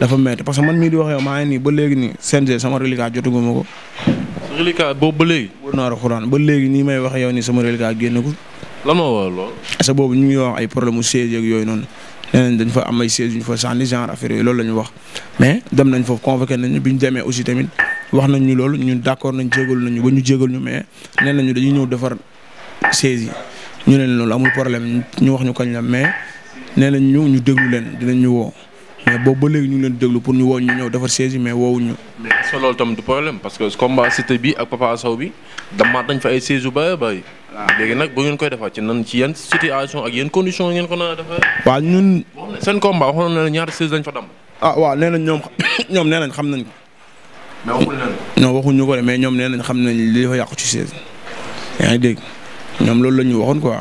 dafa métti parce que man mii di waxee yow maa nii ba léegi nii CNG sama reliquat jotaguma ko. reliquat boobu ba léegi. wër naa alxuraan ba léegi nii may wax yow nii sama reliquat génn ko. lan moo waral lool. parce ngi wax ay problème mu siège yooyu noonu dañ fa am ay siège yu ñu fa sànni loolu la wax mais dem nañ foofu convoqué nañ bi ñu demee aussi tamit wax nañ ñu loolu ñun d'accord nañ jégalu nañ ba ñu jégal ñu mais nee nañu dañuy ñëw defar siège yi ñu ne loolu amul problème ñu wax ñu kañ la mais nee nañ ñu ñu déglu leen dinañ ñu woo mais boobu ba léegi ñu ngi leen di déglu pour ñu woo ñu ñëw defar saisi mais woowuñu. mais est-ce tam du problème parce que combat Siteu bi ak Papa Sow bi damaat nañ fa ay saisi yu bëri bëri. léegi nag boo ngeen koy defar ci nan ci yan situation ak yan condition ngeen ko nar a defar. waaw ñun. seen combat na ne ñaata saisi lañ fa dam. ah waaw nee nañ ñoom ñoom nee nañ xam nañ ko. mais waxul nañ ko. non waxuñu ko de mais ñoom nee nañ xam nañ li fa yàqu ci saisi. yaa ngi dégg ñoom loolu la ñu waxoon quoi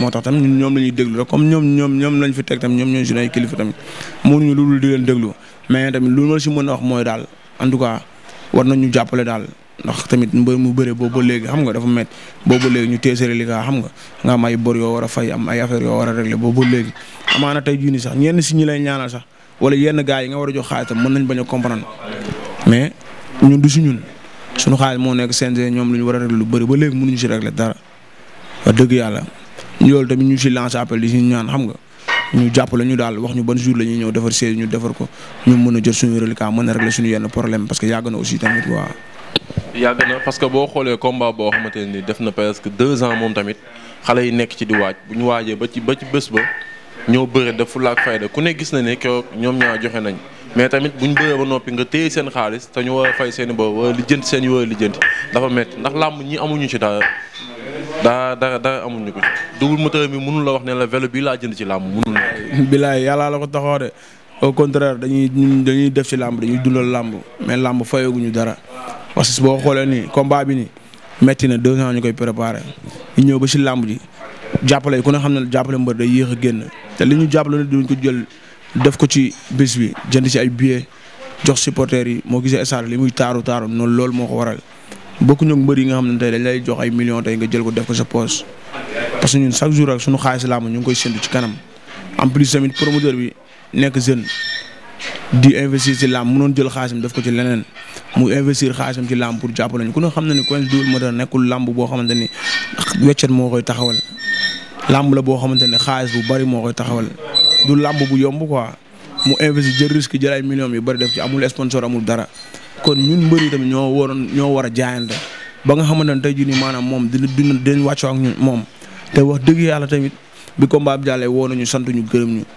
moo tax tam ñoom la ñuy déglu rek comme ñoom ñoom ñoom lañ fi teg tam ñoom ñooy suñu ay kilifa tamit mënuñu lu dul di leen déglu mais tamit lu ma si mën a wax mooy daal en tout cas war nañu jàppale daal ndax tamit mbër mu bëre boobu léegi xam nga dafa métti boobu ba ñu teesere li nga xam nga nga am ay bor war a am ay affaire yoo war a régler boobu ba léegi amaana tey jii nii sax ñenn si ñu lay ñaana sax wala yenn gars yi nga war a jox xaalisam mën nañ bañ a comprendre mais ñun du si ñun su suñu xaalis moo nekk CNG ñoom lu ñu war a régler lu bëri ba léegi mënuñu si régler dara wax dëgg yàlla loolu tamit ñu si lancer appel di si ñaan xam nga ñu jàppale ñu daal wax ñu ban jour la ñuy ñëw defar séeréer ñu defar ko ñu mën a jot suñu reliquat mën a régler suñu yenn problème parce que yàgg na aussi tamit waa. yàgg na parce que boo xoolee combat boo xamante ne def na presque deux ans moom tamit xale yi nekk ci di bu ñu waajee ba ci ba bés ba ñoo bëre def fulla ak ku ne gis na ne keroog ñoom ñaa joxe nañ mais tamit buñ ñu bëree ba noppi nga téye seen xaalis te ñu war a fay seen i boobu wala lijjanti seen i wala lijjanti dafa métti ndax làmb ñi amuñu ci daal daa dara dara amuñu ko double moteur bi mënul la wax ne la velo bii laa jënd ci làmb mënul la. bilaay yàlla la ko taxoo de au contraire dañuy dañuy def ci làmb dañuy dundal làmb mais làmb fayaguñu dara parce que boo xoolee nii combat bi nii metti na deux ans ñu koy préparé ñu ñëw ba ci làmb ji jàppale ku ne xam ne jàppale mbër day yéex a génn te li ñu jàppale duñ ko jël def ko ci bis bi jënd ci ay billets jox supporters yi moo gisee stade li muy taaru taaru noonu loolu moo ko waral. bokkuñu ak mbër yi nga xam ne tey dañ lay jox ay millions tey nga jël ko def ko sa poche parce que ñun chaque jour ak suñu xaalis làmb ñu ngi koy seen ci kanam en plus tamit promoteur bi nekk jeune di investir ci làmb mënoon jël xaalisam def ko ci leneen mu investir xaalisam ci làmb pour jàppale ñu ku ne xam na ne Quench Double Moteur nekkul làmb boo xamante ni weccet moo koy taxawal làmb la boo xamante ne xaalis bu bari moo koy taxawal du làmb bu yomb quoi. mu investi jël risque jël ay millions yu bëri def ci amul sponsor amul dara kon ñun mbër yi tamit ñoo waroon ñoo war a jaayante ba nga xamante ne tey jii nii maanaam moom dina dina den wàccoo ak ñun moom te wax dëgg yàlla tamit bi combat bi jàllee woo ñu santu ñu gërëm ñu